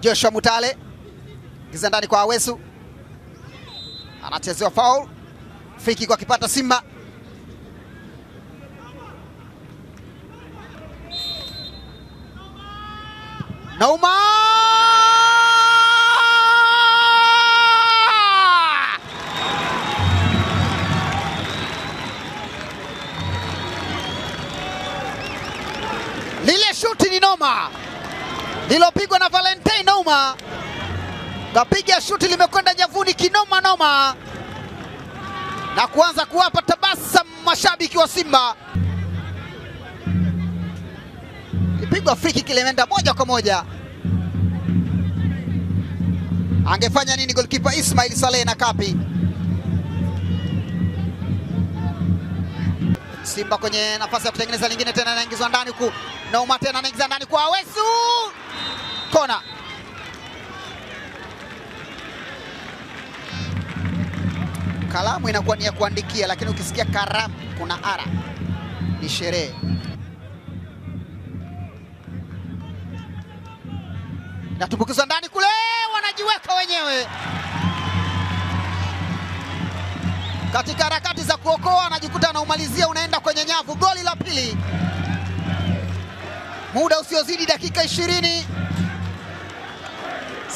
Joshua Mutale giza ndani kwa Awesu, anachezewa foul, fiki kwa kipata Simba Nauma lile shuti ni noma lilopigwa na Valentine Noma, kapiga shuti limekwenda javuni kinoma noma na kuanza kuwapa tabasa mashabiki wa Simba. Kipigwa friki kileenda moja kwa moja. Angefanya nini goalkeeper Ismail Saleh na Kapi? Simba kwenye nafasi ya kutengeneza lingine tena, anaingizwa ndani huku. Nouma tena anaingiza ndani kwa Awesu kona. Kalamu inakuwa ni ya kuandikia, lakini ukisikia karamu kuna ara, ni sherehe. Natumbukiza ndani kule, wanajiweka wenyewe katika harakati za kuokoa, anajikuta anaumalizia, unaenda kwenye nyavu. Goli la pili, muda usiozidi dakika ishirini.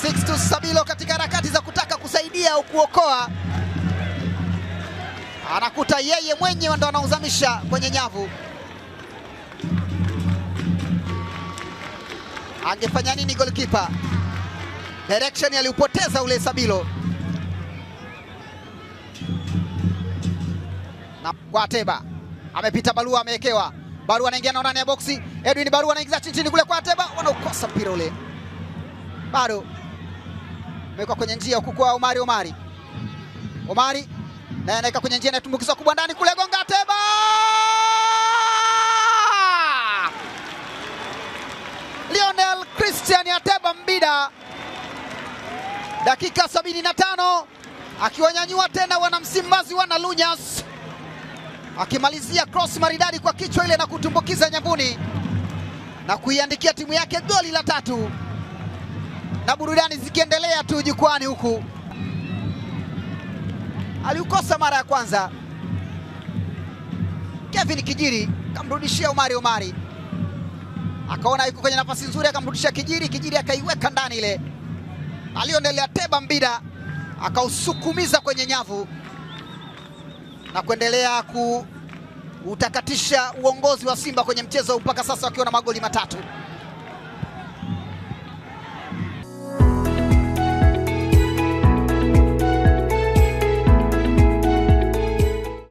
Sixtus Sabilo katika harakati za kutaka kusaidia au kuokoa, anakuta yeye mwenyewe ndo anauzamisha kwenye nyavu. Angefanya nini goalkeeper? Direction aliupoteza ule Sabilo na kwa Ateba amepita Barua, amewekewa Barua, anaingia na ndani ya boksi. Edwin Barua anaingiza chini chini kule kwa Ateba, wanaukosa mpira ule bado Ameweka kwenye njia huku kwa Omari Omari. Omari naye anaweka kwenye njia inatumbukiza kubwa ndani kule gonga teba. Lionel Christian Ateba Mbida dakika 75 akiwanyanyua tena wanamsimbazi wana Lunyas, akimalizia cross maridadi kwa kichwa ile na kutumbukiza nyambuni na kuiandikia timu yake goli la tatu, na burudani zikiendelea nyumbani huku aliukosa mara ya kwanza. Kevin Kijiri kamrudishia Omari Omari, akaona yuko kwenye nafasi nzuri, akamrudishia Kijiri. Kijiri akaiweka ndani ile, aliondelea Teba Mbida akausukumiza kwenye nyavu na kuendelea kuutakatisha uongozi wa Simba kwenye mchezo mpaka sasa wakiwa na magoli matatu.